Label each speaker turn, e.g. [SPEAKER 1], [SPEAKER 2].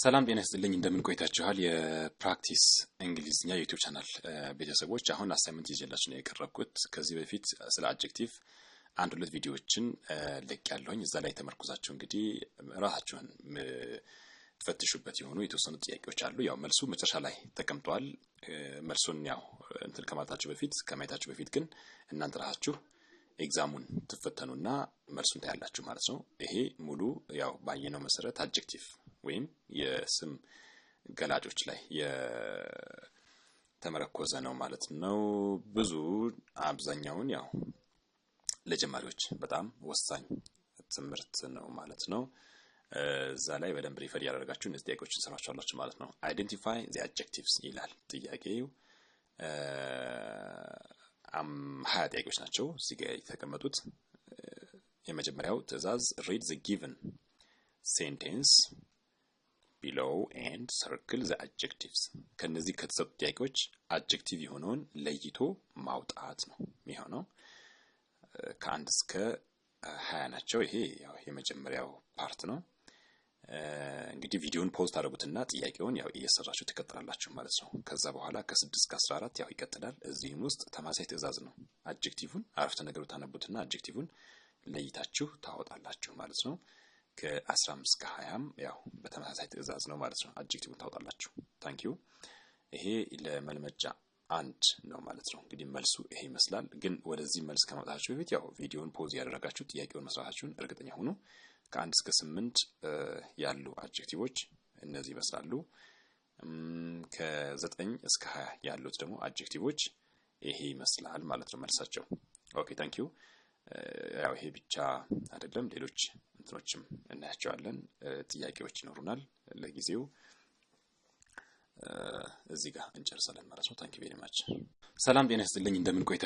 [SPEAKER 1] ሰላም ጤና ይስጥልኝ። እንደምን ቆይታችኋል? የፕራክቲስ እንግሊዝኛ ዩቲዩብ ቻናል ቤተሰቦች፣ አሁን አሳይመንት ይዤላችሁ ነው የቀረብኩት። ከዚህ በፊት ስለ አድጀክቲቭ አንድ ሁለት ቪዲዮዎችን ልቅ ያለሁኝ እዛ ላይ ተመርኩዛችሁ እንግዲህ ራሳችሁን ፈትሹበት የሆኑ የተወሰኑ ጥያቄዎች አሉ። ያው መልሱ መጨረሻ ላይ ተቀምጧል። መልሱን ያው እንትን ከማለታችሁ በፊት ከማየታችሁ በፊት ግን እናንተ ራሳችሁ ኤግዛሙን ትፈተኑና መልሱን ታያላችሁ ማለት ነው። ይሄ ሙሉ ያው ባየነው መሰረት አድጀክቲቭ ወይም የስም ገላጮች ላይ የተመረኮዘ ነው ማለት ነው። ብዙ አብዛኛውን ያው ለጀማሪዎች በጣም ወሳኝ ትምህርት ነው ማለት ነው። እዛ ላይ በደንብ ሪፈር ያደረጋችሁ እነዚህ ጥያቄዎችን ሰራችኋላችሁ ማለት ነው። አይደንቲፋይ ዚ አጀክቲቭስ ይላል ጥያቄው። ሀያ ጥያቄዎች ናቸው እዚህ ጋ የተቀመጡት። የመጀመሪያው ትዕዛዝ ሪድ ዘ ጊቨን ሴንቴንስ ቢሎው ኤንድ ሰርክል ዘ አጀክቲቭስ። ከነዚህ ከተሰጡ ጥያቄዎች አጀክቲቭ የሆነውን ለይቶ ማውጣት ነው የሚሆነው። ከአንድ እስከ ሀያ ናቸው። ይሄ ያው የመጀመሪያው ፓርት ነው። እንግዲህ ቪዲዮን ፖዝ ታደርጉትና ጥያቄውን ያው እየሰራችሁ ትቀጥላላችሁ ማለት ነው። ከዛ በኋላ ከስድስት ከአስራ አራት ያው ይቀጥላል። እዚህም ውስጥ ተማሳይ ትዕዛዝ ነው። አጀክቲቭን አረፍተ ነገሩ ታነቡትና አጀክቲቭን ለይታችሁ ታወጣላችሁ ማለት ነው። ከ15 እስከ 20 ያው በተመሳሳይ ትዕዛዝ ነው ማለት ነው። አድጀክቲቭን ታውጣላችሁ። ዩ። ይሄ ለመልመጃ አንድ ነው ማለት ነው። እንግዲህ መልሱ ይሄ ይመስላል። ግን ወደዚህ መልስ ከመውጣታችሁ በፊት ያው ቪዲዮን ፖዝ ያደረጋችሁ ጥያቄውን መስራታችሁን እርግጠኛ ሁኑ። ከአንድ እስከ ስምንት ያሉ አድጀክቲቮች እነዚህ ይመስላሉ። ከዘጠኝ እስከ ሀያ ያሉት ደግሞ አድጀክቲቮች ይሄ ይመስላል ማለት ነው መልሳቸው። ኦኬ ታንኪዩ። ያው ይሄ ብቻ አይደለም ሌሎች እንትኖችም እናያቸዋለን። ጥያቄዎች ይኖሩናል። ለጊዜው እዚህ ጋር እንጨርሳለን ማለት ነው። ታንክ ቬሪ ማች። ሰላም ጤና ይስጥልኝ። እንደምን ቆይታ